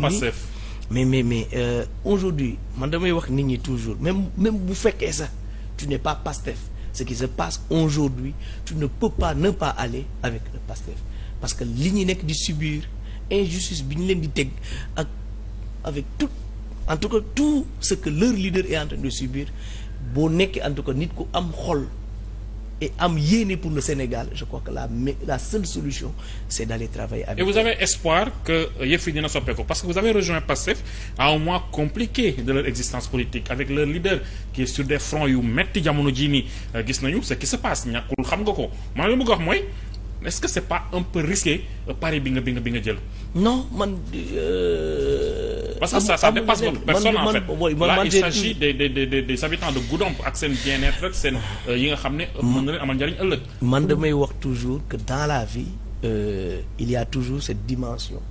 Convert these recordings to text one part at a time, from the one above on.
nii mais mais mais euh, aujourd'hui man damay wax nit ñi toujours même même bu fekkee sax tu n'es pas Pastef ce qui se passe aujourd'hui tu ne peux pas ne pas aller avec le Pastef parce que li ñuy nekk di subir injustice bi ñu leen di teg ak avec tout en tout cas tout ce que leur leader est en train de subir boo nekkee en tout cas nit ku am xol et am yéene pour le Sénégal je crois que la la seule solution c'est d'aller travailler avec. et vous avez espoir que euh, yëf yi dina soppeeku parce que vous avez rejoint PASTEF à un mois compliqué de leur existence politique avec leur leader qui est sur des fronts yu metti jamono jii nii euh, gis nañu ce qui se passe ñàkkul xam nga ko man li mu wax mooy. est-ce que c'est pas un peu risqué euh, pari bi nga bi bi nga jël. non man. Euh, parce que ça ça dépasse votre personne en fait là il s'agit des des des des habitants de Goudomp ak seen bien rek seen euh, yi nga xam ne. mën na leen amal njariñ ëllëg. man damay wax toujours que dans la vie il y toujours cette dimension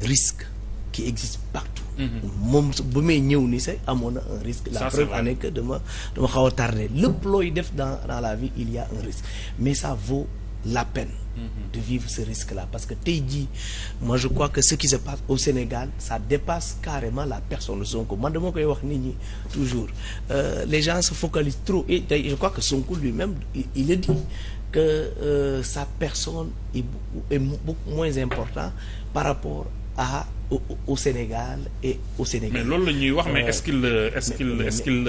risque qui existe partout. Mhm. moom ba may ñëw ni sax amoon na un risque la preuve en est que dama dama xaw a tardé lépp looy def dans la vie il y un risque mais ça vaut. la peine de vivre ce risque-là parce que tey jii moi je crois que ce qui se passe au Sénégal ça dépasse carrément la personne Sonko man dama koy wax nit ñi toujours euh, les gens se focalisent trop et je crois que Sonko lui-même il le dit que euh, sa personne est beaucoup moins important par rapport à au, au Sénégal et au Sénégal. mais loolu la ñuy wax mais euh, est-ce qu'il est-ce qu'il est-ce qu'il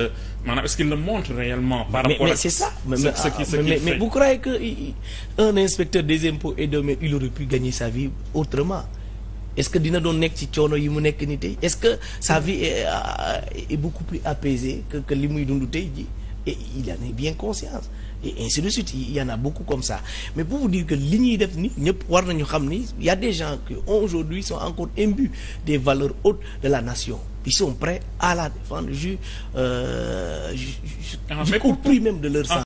maanaam est-ce qu'il le montre réellement. mais c'est ça. mais vous croyez que un inspecteur des impôts et domaines il aurait pu gagner sa vie autrement. est-ce que dina doon nekk ci coono yi mu nekk ni tey est-ce que sa vie est, est beaucoup plus apaisée que li muy dund tey ji et il en est bien conscient et ainsi de suite il y en a beaucoup comme ça mais pour vous dire que li ñuy def ni ñëpp war nañu xam ni y a des gens qui aujourd'hui sont encore imbus des valeurs hautes de la nation ils sont prêts à la défendre ju euh, jusqu'au ah, prix même de leur ah. sang